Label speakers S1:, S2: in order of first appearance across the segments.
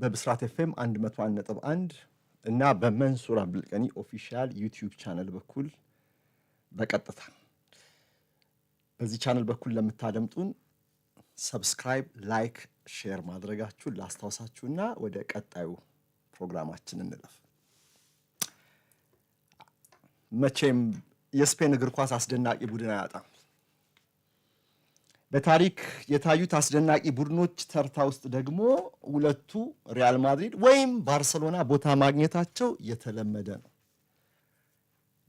S1: በብስራት ኤፍኤም መ1 እና በመንሱር አብዱልቀኒ ኦፊሻል ዩቲዩብ ቻነል በኩል በቀጥታ በዚህ ቻነል በኩል ለምታደምጡን ሰብስክራይብ፣ ላይክ፣ ሼር ማድረጋችሁን ላስታውሳችሁና ወደ ቀጣዩ ፕሮግራማችን እንለፍ። መቼም የስፔን እግር ኳስ አስደናቂ ቡድን አያጣም። በታሪክ የታዩት አስደናቂ ቡድኖች ተርታ ውስጥ ደግሞ ሁለቱ ሪያል ማድሪድ ወይም ባርሰሎና ቦታ ማግኘታቸው የተለመደ ነው።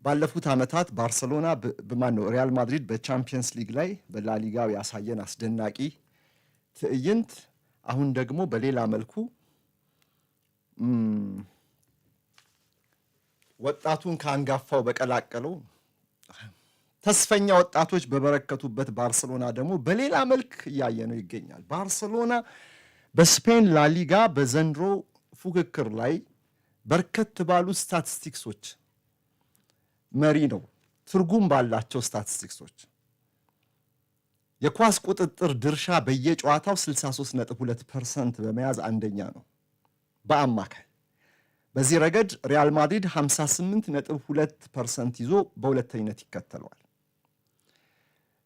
S1: ባለፉት ዓመታት ባርሰሎና በማን ነው ሪያል ማድሪድ በቻምፒየንስ ሊግ ላይ በላሊጋው ያሳየን አስደናቂ ትዕይንት አሁን ደግሞ በሌላ መልኩ ወጣቱን ከአንጋፋው በቀላቀለው ተስፈኛ ወጣቶች በበረከቱበት ባርሰሎና ደግሞ በሌላ መልክ እያየ ነው ይገኛል። ባርሰሎና በስፔን ላሊጋ በዘንድሮ ፉክክር ላይ በርከት ባሉ ስታቲስቲክሶች መሪ ነው። ትርጉም ባላቸው ስታቲስቲክሶች የኳስ ቁጥጥር ድርሻ በየጨዋታው 63.2 ፐርሰንት በመያዝ አንደኛ ነው በአማካይ። በዚህ ረገድ ሪያል ማድሪድ 58.2 ፐርሰንት ይዞ በሁለተኝነት ይከተለዋል።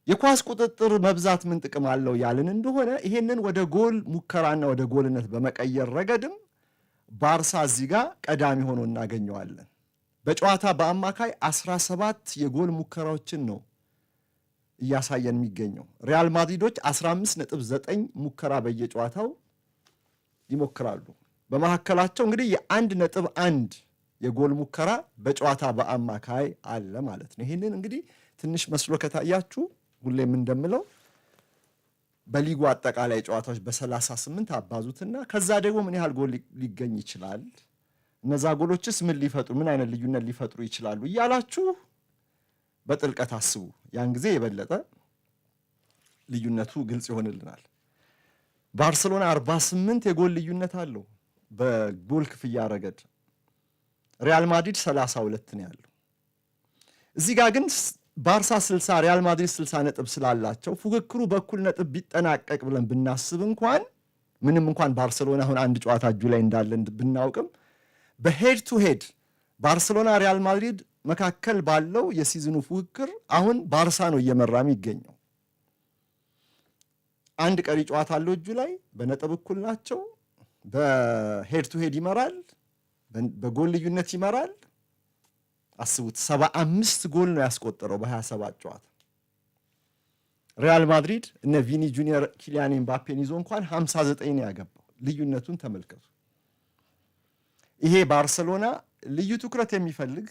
S1: የኳስ ቁጥጥር መብዛት ምን ጥቅም አለው ያልን እንደሆነ ይሄንን ወደ ጎል ሙከራና ወደ ጎልነት በመቀየር ረገድም ባርሳ እዚህ ጋር ቀዳሚ ሆኖ እናገኘዋለን። በጨዋታ በአማካይ 17 የጎል ሙከራዎችን ነው እያሳየን የሚገኘው። ሪያል ማድሪዶች 15.9 ሙከራ በየጨዋታው ይሞክራሉ። በመካከላቸው እንግዲህ የአንድ ነጥብ አንድ የጎል ሙከራ በጨዋታ በአማካይ አለ ማለት ነው። ይህንን እንግዲህ ትንሽ መስሎ ከታያችሁ ሁሌም እንደምለው በሊጉ አጠቃላይ ጨዋታዎች በ38 አባዙትና ከዛ ደግሞ ምን ያህል ጎል ሊገኝ ይችላል፣ እነዛ ጎሎችስ ምን ሊፈጥሩ ምን አይነት ልዩነት ሊፈጥሩ ይችላሉ እያላችሁ በጥልቀት አስቡ። ያን ጊዜ የበለጠ ልዩነቱ ግልጽ ይሆንልናል። ባርሰሎና 48 የጎል ልዩነት አለው በጎል ክፍያ ረገድ ሪያል ማድሪድ 32 ነው ያለው። እዚህ ጋር ግን ባርሳ 60 ሪያል ማድሪድ 60 ነጥብ ስላላቸው ፉክክሩ በኩል ነጥብ ቢጠናቀቅ ብለን ብናስብ እንኳን ምንም እንኳን ባርሰሎና አሁን አንድ ጨዋታ እጁ ላይ እንዳለን ብናውቅም በሄድ ቱ ሄድ ባርሰሎና ሪያል ማድሪድ መካከል ባለው የሲዝኑ ፉክክር አሁን ባርሳ ነው እየመራ የሚገኘው። አንድ ቀሪ ጨዋታ አለው እጁ ላይ፣ በነጥብ እኩል ናቸው። በሄድ ቱ ሄድ ይመራል፣ በጎል ልዩነት ይመራል። አስቡት፣ 75 ጎል ነው ያስቆጠረው በ27 ጨዋታ። ሪያል ማድሪድ እነ ቪኒ ጁኒየር፣ ኪሊያን ኤምባፔን ይዞ እንኳን 59 ነው ያገባው። ልዩነቱን ተመልከቱ። ይሄ ባርሰሎና ልዩ ትኩረት የሚፈልግ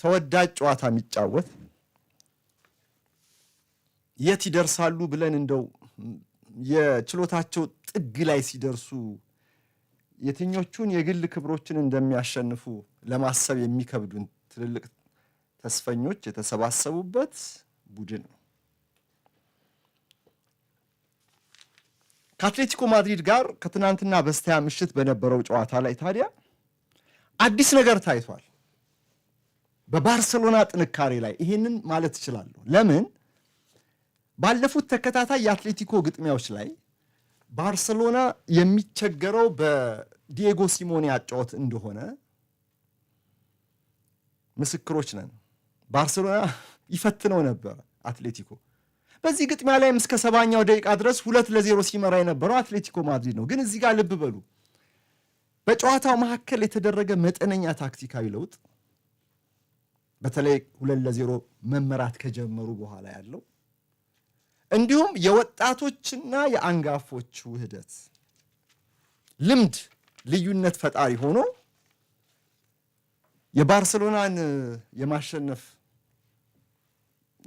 S1: ተወዳጅ ጨዋታ የሚጫወት የት ይደርሳሉ ብለን እንደው የችሎታቸው ጥግ ላይ ሲደርሱ የትኞቹን የግል ክብሮችን እንደሚያሸንፉ ለማሰብ የሚከብዱን ትልልቅ ተስፈኞች የተሰባሰቡበት ቡድን ነው። ከአትሌቲኮ ማድሪድ ጋር ከትናንትና በስቲያ ምሽት በነበረው ጨዋታ ላይ ታዲያ አዲስ ነገር ታይቷል። በባርሰሎና ጥንካሬ ላይ ይሄንን ማለት እችላለሁ። ለምን ባለፉት ተከታታይ የአትሌቲኮ ግጥሚያዎች ላይ ባርሰሎና የሚቸገረው ዲየጎ ሲሞኔ ያጫወት እንደሆነ ምስክሮች ነን። ባርሴሎና ይፈትነው ነበር አትሌቲኮ። በዚህ ግጥሚያ ላይም እስከ ሰባኛው ደቂቃ ድረስ ሁለት ለዜሮ ሲመራ የነበረው አትሌቲኮ ማድሪድ ነው። ግን እዚህ ጋር ልብ በሉ፣ በጨዋታው መካከል የተደረገ መጠነኛ ታክቲካዊ ለውጥ በተለይ ሁለት ለዜሮ መመራት ከጀመሩ በኋላ ያለው እንዲሁም የወጣቶችና የአንጋፎች ውህደት ልምድ ልዩነት ፈጣሪ ሆኖ የባርሰሎናን የማሸነፍ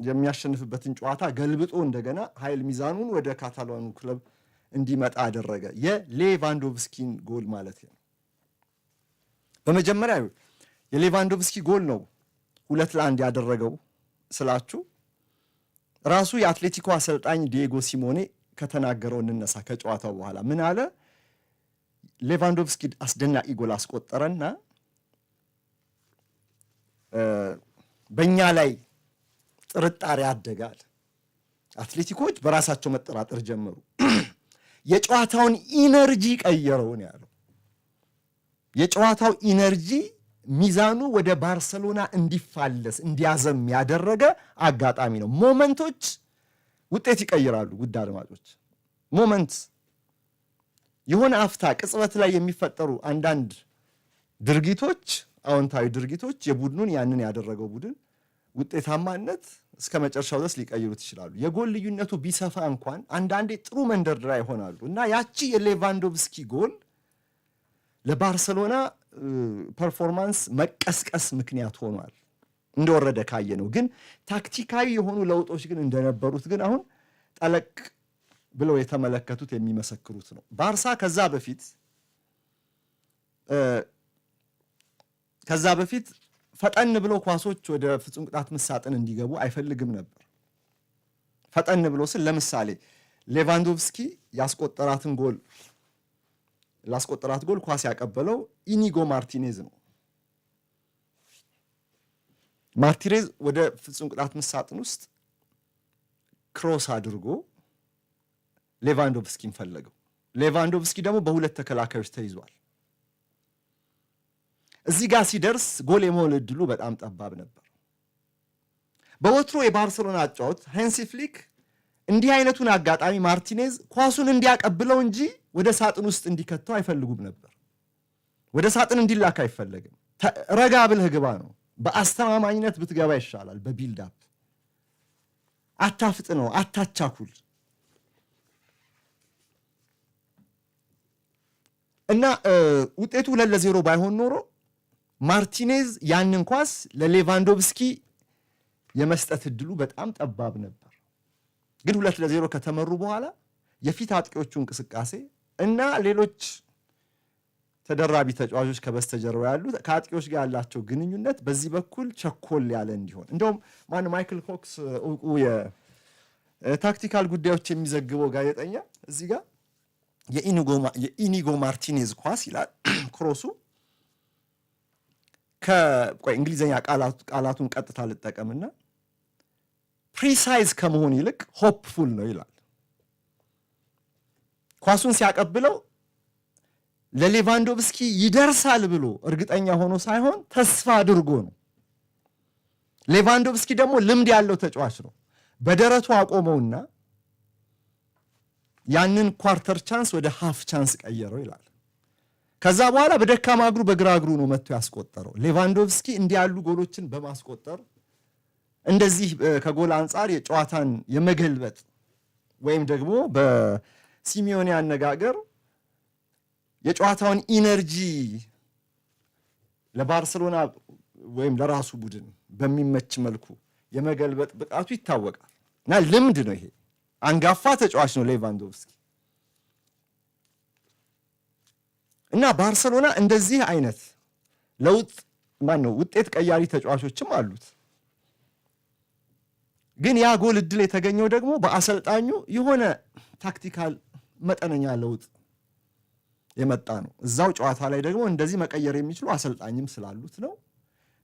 S1: የሚያሸንፍበትን ጨዋታ ገልብጦ እንደገና ኃይል ሚዛኑን ወደ ካታላኑ ክለብ እንዲመጣ አደረገ። የሌቫንዶቭስኪን ጎል ማለት ነው። በመጀመሪያ የሌቫንዶቭስኪ ጎል ነው ሁለት ለአንድ ያደረገው ስላችሁ ራሱ የአትሌቲኮ አሰልጣኝ ዲየጎ ሲሞኔ ከተናገረው እንነሳ። ከጨዋታው በኋላ ምን አለ? ሌቫንዶቭስኪ አስደናቂ ጎል አስቆጠረና በእኛ ላይ ጥርጣሬ አደጋል። አትሌቲኮች በራሳቸው መጠራጠር ጀመሩ። የጨዋታውን ኢነርጂ ነው ያለው የጨዋታው ኢነርጂ ሚዛኑ ወደ ባርሰሎና እንዲፋለስ እንዲያዘም ያደረገ አጋጣሚ ነው። ሞመንቶች ውጤት ይቀይራሉ። ውድ አድማጮች ሞመንት የሆነ አፍታ ቅጽበት ላይ የሚፈጠሩ አንዳንድ ድርጊቶች፣ አዎንታዊ ድርጊቶች የቡድኑን ያንን ያደረገው ቡድን ውጤታማነት እስከ መጨረሻው ድረስ ሊቀይሩት ይችላሉ። የጎል ልዩነቱ ቢሰፋ እንኳን አንዳንዴ ጥሩ መንደርደሪያ ይሆናሉ እና ያቺ የሌቫንዶቭስኪ ጎል ለባርሰሎና ፐርፎርማንስ መቀስቀስ ምክንያት ሆኗል። እንደወረደ ካየ ነው። ግን ታክቲካዊ የሆኑ ለውጦች ግን እንደነበሩት ግን አሁን ጠለቅ ብለው የተመለከቱት የሚመሰክሩት ነው። ባርሳ ከዛ በፊት ከዛ በፊት ፈጠን ብሎ ኳሶች ወደ ፍጹም ቅጣት ምት ሳጥን እንዲገቡ አይፈልግም ነበር። ፈጠን ብሎ ስል ለምሳሌ ሌቫንዶቭስኪ ያስቆጠራትን ጎል ላስቆጠራት ጎል ኳስ ያቀበለው ኢኒጎ ማርቲኔዝ ነው። ማርቲኔዝ ወደ ፍጹም ቅጣት ምት ሳጥን ውስጥ ክሮስ አድርጎ ሌቫንዶቭስኪን ፈለገው። ሌቫንዶቭስኪ ደግሞ በሁለት ተከላካዮች ተይዟል። እዚህ ጋር ሲደርስ ጎል የመሆን እድሉ በጣም ጠባብ ነበር። በወትሮ የባርሰሎና አጫወት ሃንሲ ፍሊክ እንዲህ አይነቱን አጋጣሚ ማርቲኔዝ ኳሱን እንዲያቀብለው እንጂ ወደ ሳጥን ውስጥ እንዲከተው አይፈልጉም ነበር። ወደ ሳጥን እንዲላክ አይፈለግም። ረጋ ብልህ ግባ ነው። በአስተማማኝነት ብትገባ ይሻላል። በቢልድ አፕ አታፍጥ ነው፣ አታቻኩል እና ውጤቱ ሁለት ለዜሮ ባይሆን ኖሮ ማርቲኔዝ ያንን ኳስ ለሌቫንዶቭስኪ የመስጠት እድሉ በጣም ጠባብ ነበር። ግን ሁለት ለዜሮ ከተመሩ በኋላ የፊት አጥቂዎቹ እንቅስቃሴ እና ሌሎች ተደራቢ ተጫዋቾች ከበስተጀርባ ያሉ ከአጥቂዎች ጋር ያላቸው ግንኙነት በዚህ በኩል ቸኮል ያለ እንዲሆን እንደውም ማን ማይክል ኮክስ እውቁ የታክቲካል ጉዳዮች የሚዘግበው ጋዜጠኛ እዚህ ጋር የኢኒጎ ማርቲኔዝ ኳስ ይላል ክሮሱ። ቆይ እንግሊዝኛ ቃላቱን ቀጥታ ልጠቀምና ፕሪሳይዝ ከመሆን ይልቅ ሆፕፉል ነው ይላል። ኳሱን ሲያቀብለው ለሌቫንዶቭስኪ ይደርሳል ብሎ እርግጠኛ ሆኖ ሳይሆን ተስፋ አድርጎ ነው። ሌቫንዶቭስኪ ደግሞ ልምድ ያለው ተጫዋች ነው። በደረቱ አቆመውና ያንን ኳርተር ቻንስ ወደ ሀፍ ቻንስ ቀየረው ይላል። ከዛ በኋላ በደካማ እግሩ በግራ እግሩ ነው መጥቶ ያስቆጠረው። ሌቫንዶቭስኪ እንዲህ ያሉ ጎሎችን በማስቆጠር እንደዚህ ከጎል አንጻር የጨዋታን የመገልበጥ ወይም ደግሞ በሲሚዮን አነጋገር የጨዋታውን ኢነርጂ ለባርሰሎና ወይም ለራሱ ቡድን በሚመች መልኩ የመገልበጥ ብቃቱ ይታወቃል እና ልምድ ነው ይሄ። አንጋፋ ተጫዋች ነው ሌቫንዶቭስኪ እና ባርሰሎና እንደዚህ አይነት ለውጥ ነው ውጤት ቀያሪ ተጫዋቾችም አሉት። ግን ያ ጎል እድል የተገኘው ደግሞ በአሰልጣኙ የሆነ ታክቲካል መጠነኛ ለውጥ የመጣ ነው። እዛው ጨዋታ ላይ ደግሞ እንደዚህ መቀየር የሚችሉ አሰልጣኝም ስላሉት ነው።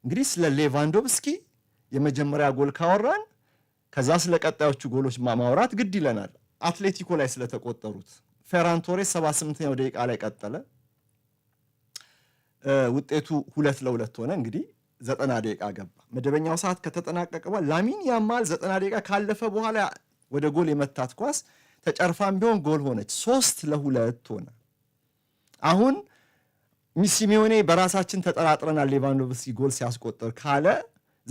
S1: እንግዲህ ስለ ሌቫንዶቭስኪ የመጀመሪያ ጎል ካወራን ከዛ ስለ ቀጣዮቹ ጎሎች ማውራት ግድ ይለናል። አትሌቲኮ ላይ ስለተቆጠሩት ፌራን ቶሬስ 78ኛው ደቂቃ ላይ ቀጠለ። ውጤቱ ሁለት ለሁለት ሆነ። እንግዲህ ዘጠና ደቂቃ ገባ። መደበኛው ሰዓት ከተጠናቀቀ በኋላ ላሚን ያማል ዘጠና ደቂቃ ካለፈ በኋላ ወደ ጎል የመታት ኳስ ተጨርፋም ቢሆን ጎል ሆነች። ሶስት ለሁለት ሆነ። አሁን ሲሜዮኔ በራሳችን ተጠራጥረናል ሌቫንዶቭስኪ ጎል ሲያስቆጠር ካለ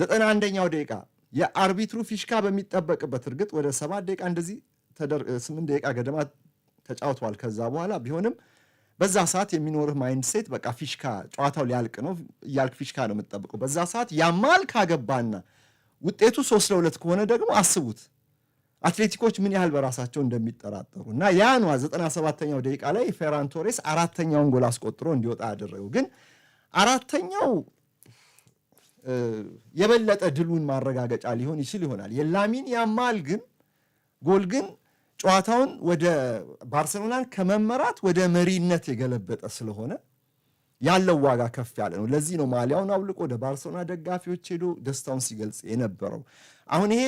S1: ዘጠና አንደኛው ደቂቃ የአርቢትሩ ፊሽካ በሚጠበቅበት እርግጥ ወደ ሰባት ደቂቃ እንደዚህ ስምንት ደቂቃ ገደማ ተጫውተዋል። ከዛ በኋላ ቢሆንም በዛ ሰዓት የሚኖርህ ማይንድ ሴት በቃ ፊሽካ ጨዋታው ሊያልቅ ነው እያልክ ፊሽካ ነው የምትጠብቀው። በዛ ሰዓት ያማል ካገባና ውጤቱ ሶስት ለሁለት ከሆነ ደግሞ አስቡት አትሌቲኮች ምን ያህል በራሳቸው እንደሚጠራጠሩ እና ያኗ ዘጠና ሰባተኛው ደቂቃ ላይ ፌራን ቶሬስ አራተኛውን ጎል አስቆጥሮ እንዲወጣ ያደረገው ግን አራተኛው የበለጠ ድሉን ማረጋገጫ ሊሆን ይችል ይሆናል። የላሚን ያማል ግን ጎል ግን ጨዋታውን ወደ ባርሴሎናን ከመመራት ወደ መሪነት የገለበጠ ስለሆነ ያለው ዋጋ ከፍ ያለ ነው። ለዚህ ነው ማሊያውን አውልቆ ወደ ባርሰሎና ደጋፊዎች ሄዶ ደስታውን ሲገልጽ የነበረው። አሁን ይሄ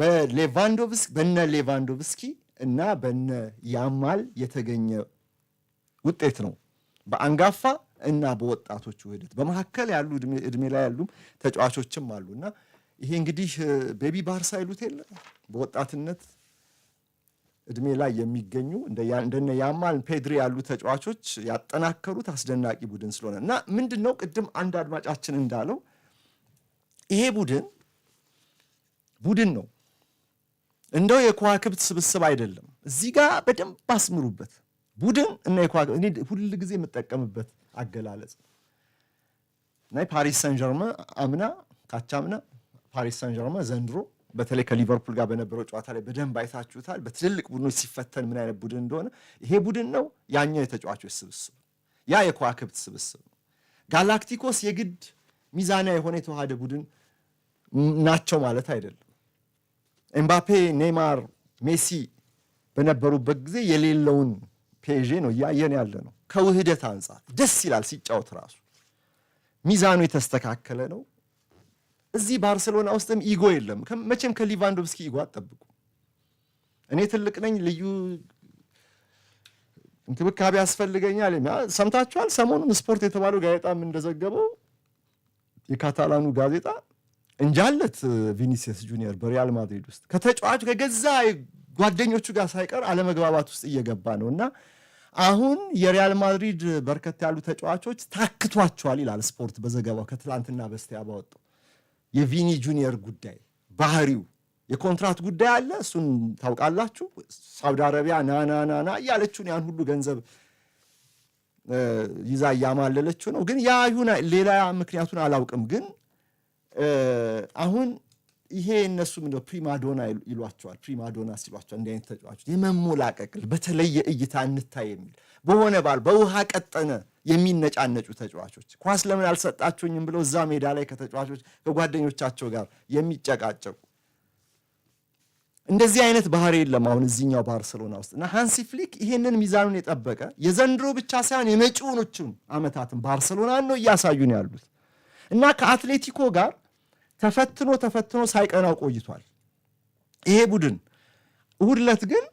S1: በሌቫንዶቭስኪ በነ ሌቫንዶቭስኪ እና በነ ያማል የተገኘ ውጤት ነው በአንጋፋ እና በወጣቶቹ ውህደት በመካከል ያሉ እድሜ ላይ ያሉም ተጫዋቾችም እና ይሄ እንግዲህ ቤቢ ባርሳ ይሉት የለ በወጣትነት እድሜ ላይ የሚገኙ እንደነ ያማል ፔድሪ ያሉ ተጫዋቾች ያጠናከሩት አስደናቂ ቡድን ስለሆነ እና ምንድን ነው ቅድም አንድ አድማጫችን እንዳለው ይሄ ቡድን ቡድን ነው እንደው የከዋክብት ስብስብ አይደለም። እዚህ ጋር በደንብ አስምሩበት። ቡድን እና የከዋክብት እኔ ሁል ጊዜ የምጠቀምበት አገላለጽ ናይ ፓሪስ ሰን ጀርመ አምና ካቻምና ፓሪስ ሰን ጀርመ ዘንድሮ በተለይ ከሊቨርፑል ጋር በነበረው ጨዋታ ላይ በደንብ አይታችሁታል። በትልልቅ ቡድኖች ሲፈተን ምን አይነት ቡድን እንደሆነ ይሄ ቡድን ነው። ያኛው የተጫዋቾች ስብስብ ያ የከዋክብት ስብስብ ነው። ጋላክቲኮስ የግድ ሚዛናዊ የሆነ የተዋሃደ ቡድን ናቸው ማለት አይደለም። ኤምባፔ፣ ኔይማር፣ ሜሲ በነበሩበት ጊዜ የሌለውን ፔዤ ነው እያየን ያለ ነው። ከውህደት አንጻር ደስ ይላል ሲጫወት ራሱ ሚዛኑ የተስተካከለ ነው። እዚህ ባርሴሎና ውስጥም ኢጎ የለም። መቼም ከሊቫንዶቭስኪ ኢጎ አጠብቁ። እኔ ትልቅ ነኝ፣ ልዩ እንክብካቤ ያስፈልገኛል። ሰምታችኋል። ሰሞኑን ስፖርት የተባለው ጋዜጣም እንደዘገበው የካታላኑ ጋዜጣ እንጃለት ቪኒሲየስ ጁኒየር በሪያል ማድሪድ ውስጥ ከተጫዋች ከገዛ ጓደኞቹ ጋር ሳይቀር አለመግባባት ውስጥ እየገባ ነው እና አሁን የሪያል ማድሪድ በርከት ያሉ ተጫዋቾች ታክቷቸዋል ይላል ስፖርት በዘገባው ከትላንትና በስቲያ ባወጣው። የቪኒ ጁኒየር ጉዳይ ባህሪው የኮንትራት ጉዳይ አለ። እሱን ታውቃላችሁ። ሳውዲ አረቢያ ናናናና እያለችውን ያን ሁሉ ገንዘብ ይዛ እያማለለችው ነው። ግን ያ ይሁን ሌላ ምክንያቱን አላውቅም። ግን አሁን ይሄ እነሱ ምንድነው ፕሪማዶና ይሏቸዋል። ፕሪማዶና ሲሏቸዋል እንዲህ አይነት ተጫዋቾች የመሞላቀቅል በተለየ እይታ እንታይ የሚል በሆነ ባል በውሃ ቀጠነ የሚነጫነጩ ተጫዋቾች ኳስ ለምን አልሰጣችሁኝም ብለው እዛ ሜዳ ላይ ከተጫዋቾች ከጓደኞቻቸው ጋር የሚጨቃጨቁ እንደዚህ አይነት ባህሪ የለም አሁን እዚህኛው ባርሰሎና ውስጥ እና ሃንሲ ፍሊክ ይሄንን ሚዛኑን የጠበቀ የዘንድሮ ብቻ ሳይሆን የመጪዎቹን አመታትን ባርሰሎና ነው እያሳዩን ያሉት እና ከአትሌቲኮ ጋር ተፈትኖ ተፈትኖ ሳይቀናው ቆይቷል። ይሄ ቡድን እሑድ ዕለት ግን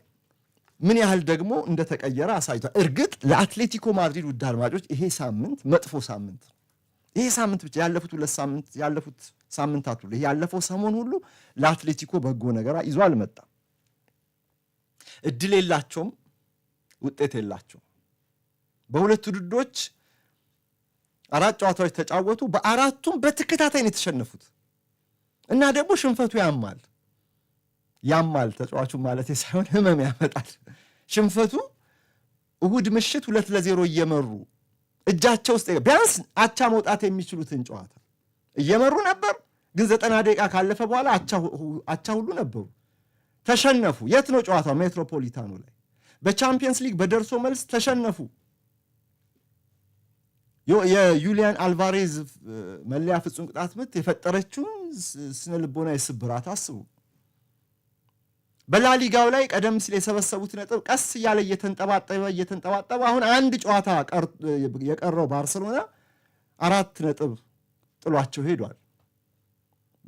S1: ምን ያህል ደግሞ እንደተቀየረ አሳይቷል። እርግጥ ለአትሌቲኮ ማድሪድ ውድ አድማጮች ይሄ ሳምንት መጥፎ ሳምንት ይሄ ሳምንት ብቻ ያለፉት ሁለት ሳምንት ያለፉት ሳምንታት ሁሉ ይሄ ያለፈው ሰሞን ሁሉ ለአትሌቲኮ በጎ ነገር ይዞ አልመጣም። እድል የላቸውም፣ ውጤት የላቸውም። በሁለት ውድዶች አራት ጨዋታዎች ተጫወቱ። በአራቱም በተከታታይ ነው የተሸነፉት። እና ደግሞ ሽንፈቱ ያማል ያማል ተጫዋቹ ማለት ሳይሆን ህመም ያመጣል። ሽንፈቱ እሁድ ምሽት ሁለት ለዜሮ እየመሩ እጃቸው ውስጥ ቢያንስ አቻ መውጣት የሚችሉትን ጨዋታ እየመሩ ነበር፣ ግን ዘጠና ደቂቃ ካለፈ በኋላ አቻ ሁሉ ነበሩ፣ ተሸነፉ። የት ነው ጨዋታው? ሜትሮፖሊታኑ ላይ በቻምፒየንስ ሊግ በደርሶ መልስ ተሸነፉ። የዩሊያን አልቫሬዝ መለያ ፍጹም ቅጣት ምት የፈጠረችውን ስነ ልቦና የስብራት አስቡ። በላሊጋው ላይ ቀደም ሲል የሰበሰቡት ነጥብ ቀስ እያለ እየተንጠባጠበ እየተንጠባጠበ አሁን አንድ ጨዋታ የቀረው ባርሰሎና አራት ነጥብ ጥሏቸው ሄዷል።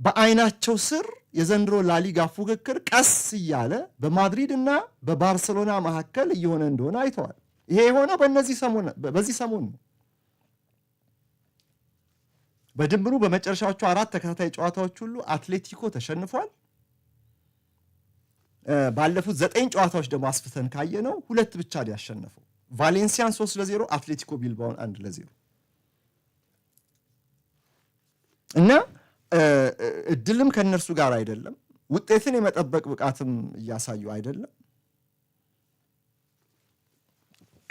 S1: በአይናቸው ስር የዘንድሮ ላሊጋ ፉክክር ቀስ እያለ በማድሪድ እና በባርሰሎና መካከል እየሆነ እንደሆነ አይተዋል። ይሄ የሆነው በዚህ ሰሞን ነው። በድምሩ በመጨረሻዎቹ አራት ተከታታይ ጨዋታዎች ሁሉ አትሌቲኮ ተሸንፏል። ባለፉት ዘጠኝ ጨዋታዎች ደግሞ አስፍተን ካየ ነው ሁለት ብቻ ነው ያሸነፈው። ቫሌንሲያን ሶስት ለዜሮ አትሌቲኮ ቢልባውን አንድ ለዜሮ እና እድልም ከእነርሱ ጋር አይደለም። ውጤትን የመጠበቅ ብቃትም እያሳዩ አይደለም።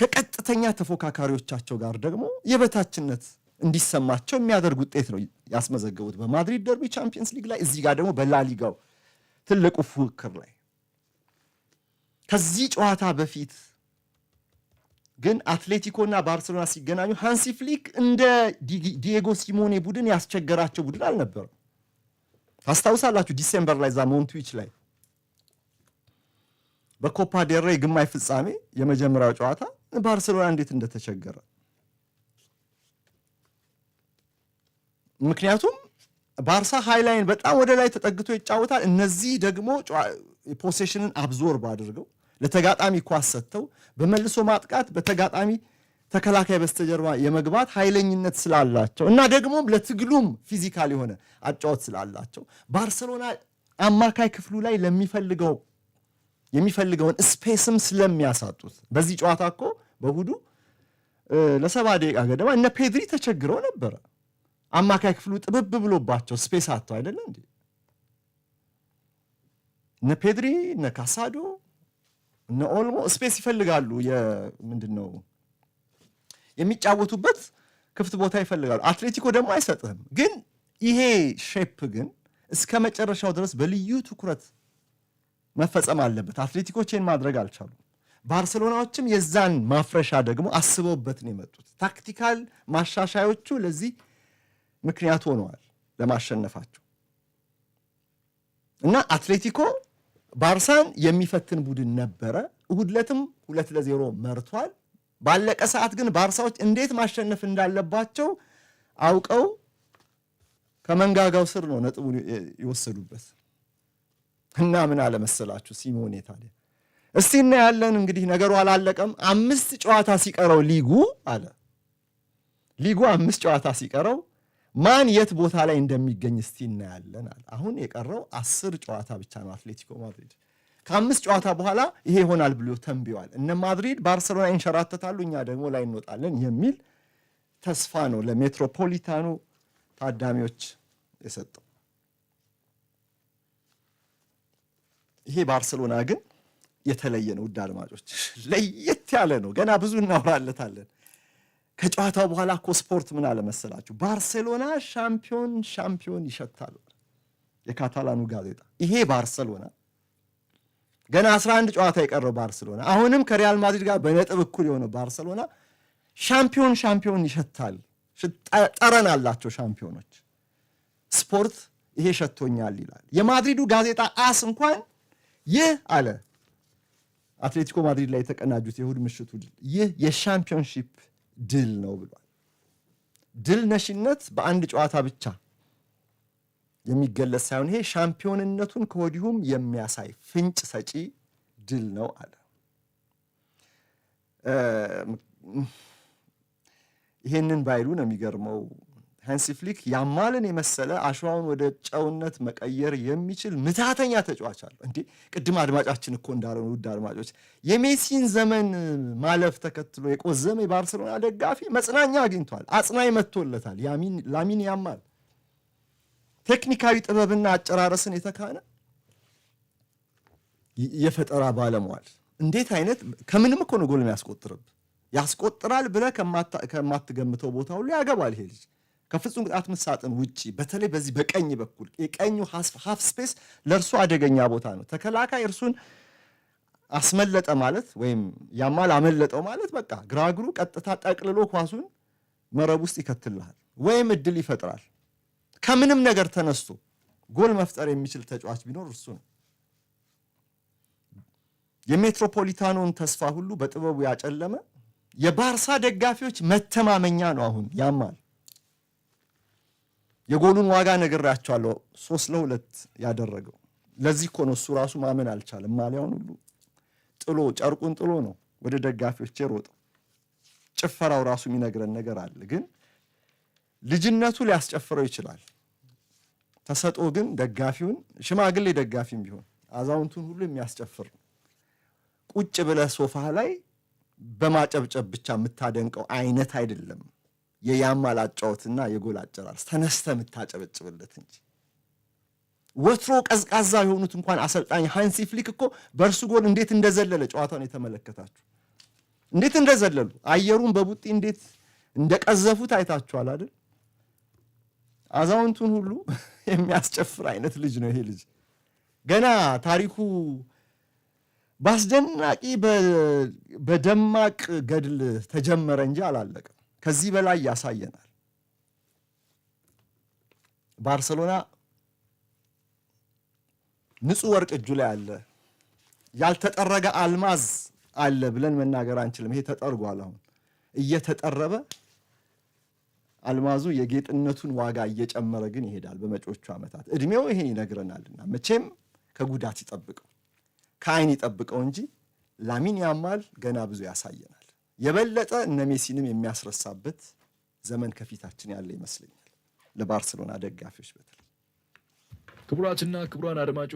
S1: ከቀጥተኛ ተፎካካሪዎቻቸው ጋር ደግሞ የበታችነት እንዲሰማቸው የሚያደርግ ውጤት ነው ያስመዘገቡት በማድሪድ ደርቢ ቻምፒየንስ ሊግ ላይ፣ እዚህ ጋር ደግሞ በላሊጋው ትልቁ ፉክክር ላይ። ከዚህ ጨዋታ በፊት ግን አትሌቲኮና ባርሴሎና ሲገናኙ ሃንሲ ፍሊክ እንደ ዲየጎ ሲሞኔ ቡድን ያስቸገራቸው ቡድን አልነበረም። ታስታውሳላችሁ ዲሴምበር ላይ ዛ ሞንትዊች ላይ በኮፓ ዴሬ ግማሽ ፍጻሜ የመጀመሪያው ጨዋታ ባርሴሎና እንዴት እንደተቸገረ ምክንያቱም ባርሳ ሃይላይን በጣም ወደ ላይ ተጠግቶ ይጫወታል። እነዚህ ደግሞ ፖሴሽንን አብዞርብ አድርገው ለተጋጣሚ ኳስ ሰጥተው በመልሶ ማጥቃት በተጋጣሚ ተከላካይ በስተጀርባ የመግባት ኃይለኝነት ስላላቸው እና ደግሞም ለትግሉም ፊዚካል የሆነ አጫወት ስላላቸው ባርሰሎና አማካይ ክፍሉ ላይ ለሚፈልገው የሚፈልገውን ስፔስም ስለሚያሳጡት በዚህ ጨዋታ እኮ በእሁዱ ለሰባ ደቂቃ ገደማ እነ ፔድሪ ተቸግረው ነበረ። አማካይ ክፍሉ ጥብብ ብሎባቸው ስፔስ አጥቶ አይደለ እንዴ? እነ ፔድሪ እነ ካሳዶ እነ ኦልሞ ስፔስ ይፈልጋሉ። ምንድን ነው የሚጫወቱበት ክፍት ቦታ ይፈልጋሉ። አትሌቲኮ ደግሞ አይሰጥህም። ግን ይሄ ሼፕ ግን እስከ መጨረሻው ድረስ በልዩ ትኩረት መፈጸም አለበት። አትሌቲኮችን ማድረግ አልቻሉም። ባርሴሎናዎችም የዛን ማፍረሻ ደግሞ አስበውበት ነው የመጡት። ታክቲካል ማሻሻዮቹ ለዚህ ምክንያት ሆነዋል ለማሸነፋቸው እና አትሌቲኮ ባርሳን የሚፈትን ቡድን ነበረ። እሁድ ዕለትም ሁለት ለዜሮ መርቷል። ባለቀ ሰዓት ግን ባርሳዎች እንዴት ማሸነፍ እንዳለባቸው አውቀው ከመንጋጋው ስር ነው ነጥቡን የወሰዱበት እና ምን አለመሰላችሁ ሲሞኔ ታዲያ እስቲ እናያለን እንግዲህ ነገሩ አላለቀም። አምስት ጨዋታ ሲቀረው ሊጉ አለ ሊጉ አምስት ጨዋታ ሲቀረው ማን የት ቦታ ላይ እንደሚገኝ እስቲ እናያለን አለ። አሁን የቀረው አስር ጨዋታ ብቻ ነው። አትሌቲኮ ማድሪድ ከአምስት ጨዋታ በኋላ ይሄ ይሆናል ብሎ ተንብዋል። እነ ማድሪድ ባርሰሎና ይንሸራተታሉ፣ እኛ ደግሞ ላይ እንወጣለን የሚል ተስፋ ነው ለሜትሮፖሊታኑ ታዳሚዎች የሰጠው። ይሄ ባርሰሎና ግን የተለየ ነው። ውድ አድማጮች፣ ለየት ያለ ነው። ገና ብዙ እናወራለታለን። ከጨዋታው በኋላ እኮ ስፖርት ምን አለመሰላችሁ፣ ባርሴሎና ሻምፒዮን ሻምፒዮን ይሸታል። የካታላኑ ጋዜጣ ይሄ ባርሴሎና ገና 11 ጨዋታ የቀረው ባርሴሎና አሁንም ከሪያል ማድሪድ ጋር በነጥብ እኩል የሆነው ባርሴሎና ሻምፒዮን ሻምፒዮን ይሸታል። ጠረን አላቸው ሻምፒዮኖች። ስፖርት ይሄ ሸቶኛል ይላል። የማድሪዱ ጋዜጣ አስ እንኳን ይህ አለ አትሌቲኮ ማድሪድ ላይ የተቀናጁት የእሁድ ምሽቱ ድል ይህ የሻምፒዮንሺፕ ድል ነው ብሏል። ድል ነሽነት በአንድ ጨዋታ ብቻ የሚገለጽ ሳይሆን ይሄ ሻምፒዮንነቱን ከወዲሁም የሚያሳይ ፍንጭ ሰጪ ድል ነው አለ። ይሄንን ባይሉ ነው የሚገርመው። ሃንሲ ፍሊክ ያማልን የመሰለ አሸዋውን ወደ ጨውነት መቀየር የሚችል ምትሃተኛ ተጫዋች አለው። እንዴ ቅድም አድማጫችን እኮ እንዳለው ውድ አድማጮች የሜሲን ዘመን ማለፍ ተከትሎ የቆዘመ የባርሴሎና ደጋፊ መጽናኛ አግኝቷል። አጽናኝ መጥቶለታል። ላሚን ያማል ቴክኒካዊ ጥበብና አጨራረስን የተካነ የፈጠራ ባለሟል እንዴት አይነት ከምንም እኮ ነው ጎል የሚያስቆጥርብ ያስቆጥራል ብለህ ከማትገምተው ቦታ ሁሉ ያገባል ይሄ ልጅ። ከፍጹም ቅጣት ምት ሳጥን ውጪ በተለይ በዚህ በቀኝ በኩል የቀኙ ሀፍ ስፔስ ለእርሱ አደገኛ ቦታ ነው። ተከላካይ እርሱን አስመለጠ ማለት ወይም ያማል አመለጠው ማለት በቃ ግራ እግሩ ቀጥታ ጠቅልሎ ኳሱን መረብ ውስጥ ይከትልሃል ወይም እድል ይፈጥራል። ከምንም ነገር ተነስቶ ጎል መፍጠር የሚችል ተጫዋች ቢኖር እርሱ ነው። የሜትሮፖሊታኑን ተስፋ ሁሉ በጥበቡ ያጨለመ የባርሳ ደጋፊዎች መተማመኛ ነው አሁን ያማል የጎሉን ዋጋ ነግራችኋለሁ። ሶስት ለሁለት ያደረገው ለዚህ እኮ ነው። እሱ ራሱ ማመን አልቻለም። ማሊያውን ሁሉ ጥሎ ጨርቁን ጥሎ ነው ወደ ደጋፊዎች የሮጠው። ጭፈራው ራሱ የሚነግረን ነገር አለ። ግን ልጅነቱ ሊያስጨፍረው ይችላል። ተሰጦ ግን ደጋፊውን ሽማግሌ ደጋፊም ቢሆን አዛውንቱን ሁሉ የሚያስጨፍር ቁጭ ብለህ ሶፋ ላይ በማጨብጨብ ብቻ የምታደንቀው አይነት አይደለም። የያማል አጫወትና የጎል አጨራርስ ተነስተ የምታጨበጭብለት እንጂ ወትሮ ቀዝቃዛ የሆኑት እንኳን አሰልጣኝ ሃንሲ ፍሊክ እኮ በእርሱ ጎል እንዴት እንደዘለለ ጨዋታውን የተመለከታችሁ እንዴት እንደዘለሉ አየሩን በቡጢ እንዴት እንደቀዘፉት ታይታችኋል አይደል? አዛውንቱን ሁሉ የሚያስጨፍር አይነት ልጅ ነው ይሄ ልጅ። ገና ታሪኩ በአስደናቂ በደማቅ ገድል ተጀመረ እንጂ አላለቀም። ከዚህ በላይ ያሳየናል። ባርሰሎና ንጹህ ወርቅ እጁ ላይ አለ፣ ያልተጠረገ አልማዝ አለ ብለን መናገር አንችልም። ይሄ ተጠርጓል። አሁን እየተጠረበ አልማዙ የጌጥነቱን ዋጋ እየጨመረ ግን ይሄዳል። በመጪዎቹ ዓመታት እድሜው ይሄን ይነግረናልና መቼም ከጉዳት ይጠብቀው፣ ከአይን ይጠብቀው እንጂ ላሚን ያማል ገና ብዙ ያሳየናል። የበለጠ እነ ሜሲንም የሚያስረሳበት ዘመን ከፊታችን ያለ ይመስለኛል። ለባርሰሎና ደጋፊዎች በተለይ ክቡራትና ክቡራን አድማጮች